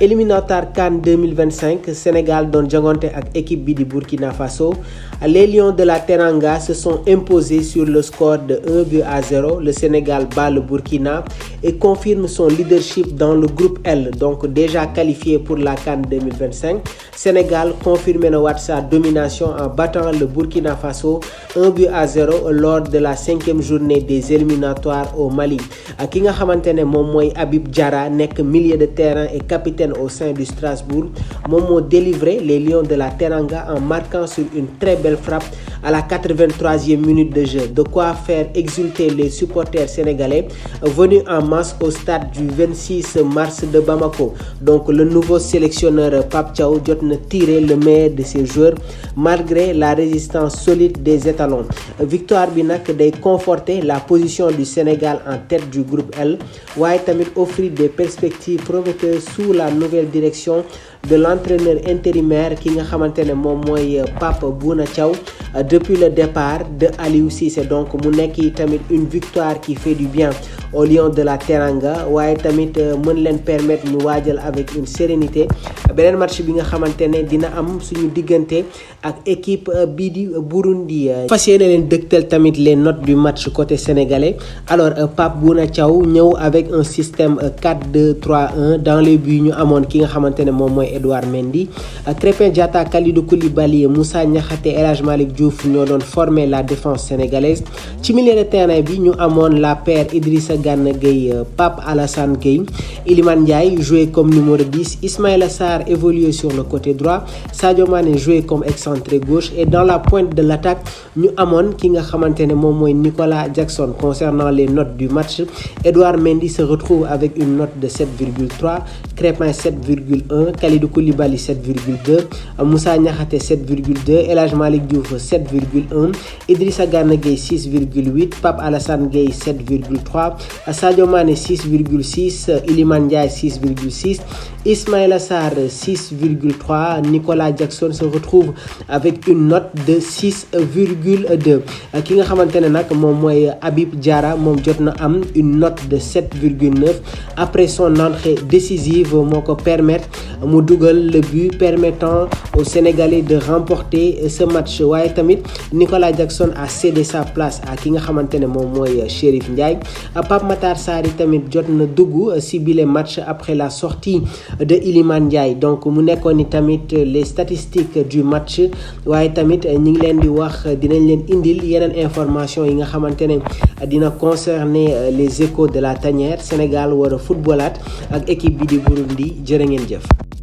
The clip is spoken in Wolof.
éliminatoire CAN 2025 Sénégal doon jongante ak équipe bi di Burkina Faso les Lions de la terrainga se son imposés sur le score de 1 but à 0 le Sénégal bat le Burkina et confirme son leadership dans le groupe L donc déjà qualifié pour la CAN 2025 Sénégal confirmé na waat sa domination en battant le Burkina Faso 1 but à 0 lors de la cinquième journée des éliminatoires au Mali ki nga xamante ne moom mooy Habib Diarra nekk millier de terrain et capitaine capitaine au sein du Strasbourg, Momo délivré les Lions de la Teranga en marquant sur une très belle frappe à la 83e minute de jeu. De quoi faire exulter les supporters sénégalais venus en masse au stade du 26 mars de Bamako. Donc le nouveau sélectionneur Pape Thiaw jot na tirer le meilleur de ses joueurs la résistance solide des étalons. Victoire bi nag day conforter la position du Sénégal en tête du groupe L la nouvelle direction de l'entraîneur intérimaire ki nga xamante ne moom mooy euh, Pape Bouna caw euh, depuis le départ de Aliou Cissé donc mu nekk yi tamit une victoire qui fait du bien au Lion de la Teranga waaye tamit euh, mën leen permettre ñu waajal avec une sérénité beneen match bi nga xamante ne dina am suñu diggante ak équipe bii di Burundi. fas yéene leen dëgtal tamit les notes du match côté sénégalais alors Pape Bouna caw ñëw avec un système quatre de 3 un dans les buts ñu amoon ki nga xamante ne moom mooy Edouard Mendy euh, Crépin Diatta Kalidou Koulibaly Moussa Niakhaté El Hadj Malick Diouf ñoo doon former la défense sénégalaise ci milieu de terrain bi ñu amoon la paire Idrissa Gana Gueye euh, Pape Alassane Gueye Iliman Ndiaye joué comme numéro 10 Ismaïla Sarr évolué sur le côté droit Sadio Mané joué comme excentré gauche et dans la pointe de l'attaque ñu amoon ki nga xamante ne moom mooy Nicolas Jackson concernant les notes du match Edouard Mendy se retrouve avec une note de 7,3 Crépin Kalidou Koulibaly 7,2 Moussa Niakhaté 7,2 El Hadj Malick Diouf 7,1 Idrissa Gana Gueye 6,8 Pape Alassane Gueye 7,3 Sadio Mané 6,6 Nicolas Jackson se retrouve avec une note de 6,2 ki nga xamante ne nag moom mooy Habib Diarra moom jot na am une note de 7,9 après son entrée décisive moo ko permettre mu dugal le but permettant aux Sénégalais de remporter euh, ce match waaye tamit Nicolas Jackson a cédé sa place ak ki nga xamante ne moom mooy euh, Chérif Ndiaye euh, Pape Matar Sarr tamit jot na dugg si bile match après la sortie de Iliman Ndiaye donc mu nekkoon ni tamit les statistiques du match waaye tamit ñi ngi leen di wax dinañ leen indil yeneen information yi nga xamante ne dina concerner les échos de la tanière Sénégal wara a footballaat ak équipe bi di Burundi jërë ngeen jëf